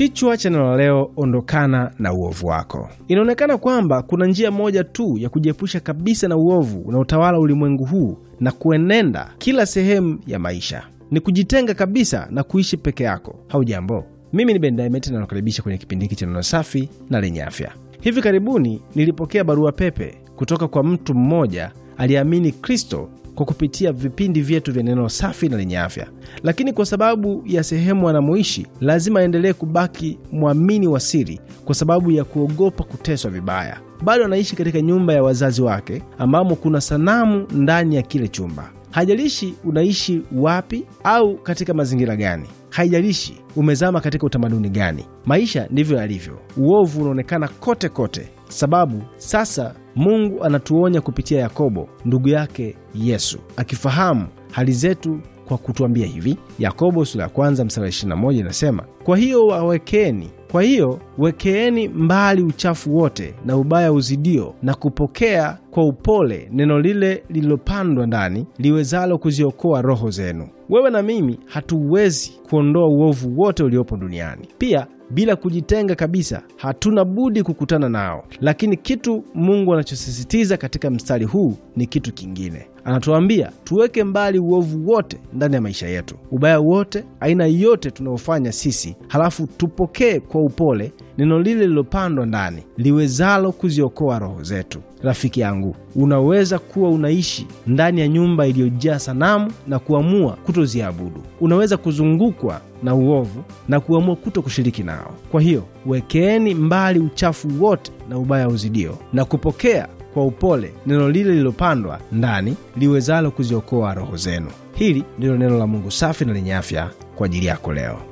Kichwa cha neno la leo, ondokana na uovu wako. Inaonekana kwamba kuna njia moja tu ya kujiepusha kabisa na uovu unaotawala ulimwengu huu na kuenenda kila sehemu ya maisha, ni kujitenga kabisa na kuishi peke yako. Haujambo, mimi ni Ben Diamond na nakaribisha kwenye kipindi hiki cha neno safi na lenye afya. Hivi karibuni nilipokea barua pepe kutoka kwa mtu mmoja aliyeamini Kristo kwa kupitia vipindi vyetu vya neno safi na lenye afya, lakini kwa sababu ya sehemu anamoishi lazima aendelee kubaki mwamini wa siri kwa sababu ya kuogopa kuteswa vibaya. Bado anaishi katika nyumba ya wazazi wake ambamo kuna sanamu ndani ya kile chumba. Haijalishi unaishi wapi au katika mazingira gani, haijalishi umezama katika utamaduni gani, maisha ndivyo yalivyo. Uovu unaonekana kote kote sababu sasa Mungu anatuonya kupitia Yakobo ndugu yake Yesu, akifahamu hali zetu kwa kutuambia hivi. Yakobo sura ya kwanza mstari 21 inasema, kwa hiyo wawekeni kwa hiyo wekeeni mbali uchafu wote na ubaya uzidio, na kupokea kwa upole neno lile lililopandwa ndani, liwezalo kuziokoa roho zenu. Wewe na mimi hatuwezi kuondoa uovu wote uliopo duniani. Pia bila kujitenga kabisa, hatuna budi kukutana nao. Lakini kitu Mungu anachosisitiza katika mstari huu ni kitu kingine. Anatuambia tuweke mbali uovu wote ndani ya maisha yetu, ubaya wote, aina yote tunaofanya sisi, halafu tupokee kwa upole neno lile lilopandwa ndani liwezalo kuziokoa roho zetu. Rafiki yangu, unaweza kuwa unaishi ndani ya nyumba iliyojaa sanamu na kuamua kutoziabudu. Unaweza kuzungukwa na uovu na kuamua kuto kushiriki nao. Kwa hiyo, wekeeni mbali uchafu wote na ubaya uzidio na kupokea kwa upole neno lile lilopandwa ndani liwezalo kuziokoa roho zenu. Hili ndilo neno la Mungu safi na lenye afya kwa ajili yako leo.